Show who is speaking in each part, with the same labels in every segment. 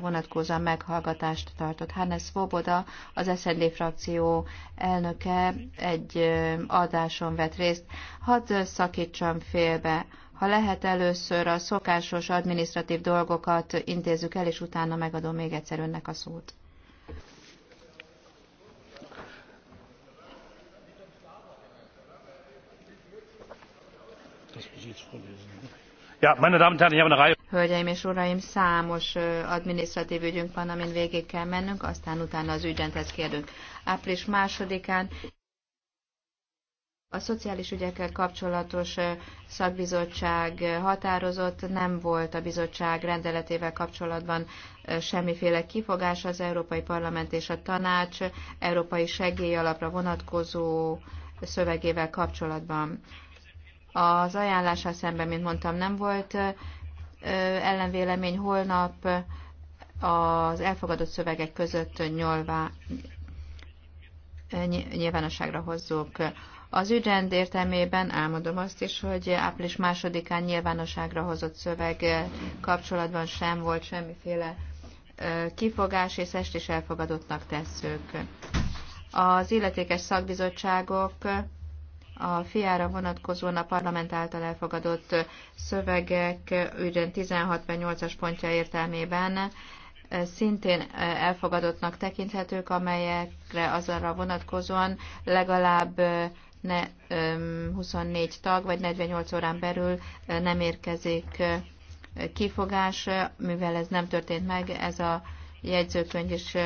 Speaker 1: vonatkozóan meghallgatást tartott. Hannes Svoboda, az SZD frakció elnöke egy adáson vett részt. Hadd szakítsam félbe. Ha lehet, először a szokásos administratív dolgokat intézzük el, és utána megadom még egyszer önnek a szót. Das muss ich jetzt vorlesen. Hölgyeim és uraim, számos adminisztratív ügyünk van, amin végig kell mennünk, aztán utána az ügyenthez kérdünk. Április másodikán a szociális ügyekkel kapcsolatos szakbizottság határozott, nem volt a bizottság rendeletével kapcsolatban semmiféle kifogás az Európai Parlament és a Tanács Európai segély alapra vonatkozó szövegével kapcsolatban. Az ajánlással szemben, mint mondtam, nem volt ellenvélemény. Holnap az elfogadott szövegek között nyolvá, nyilvánosságra hozzuk. Az ügyrend értelmében álmodom azt is, hogy április másodikán nyilvánosságra hozott szöveg kapcsolatban sem volt semmiféle kifogás, és ezt is elfogadottnak tesszük. Az illetékes szakbizottságok a fiára vonatkozóan a parlament által elfogadott szövegek ügyön 16-8-as pontja értelmében eh, szintén eh, elfogadottnak tekinthetők, amelyekre az arra vonatkozóan legalább eh, ne, 24 tag vagy 48 órán belül nem érkezik kifogás, mivel ez nem történt meg, ez a jegyzőkönyv is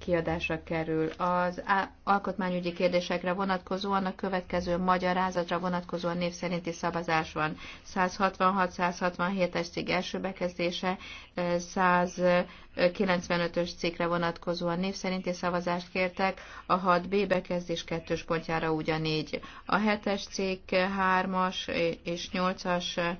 Speaker 1: kiadásra kerül. Az alkotmányügyi kérdésekre vonatkozóan a következő magyarázatra vonatkozóan név szerinti szavazás van. 166-167-es cikk első bekezdése, 195-ös cikkre vonatkozóan név szerinti szavazást kértek, a 6B bekezdés kettős pontjára ugyanígy. A 7-es cikk 3-as és 8-as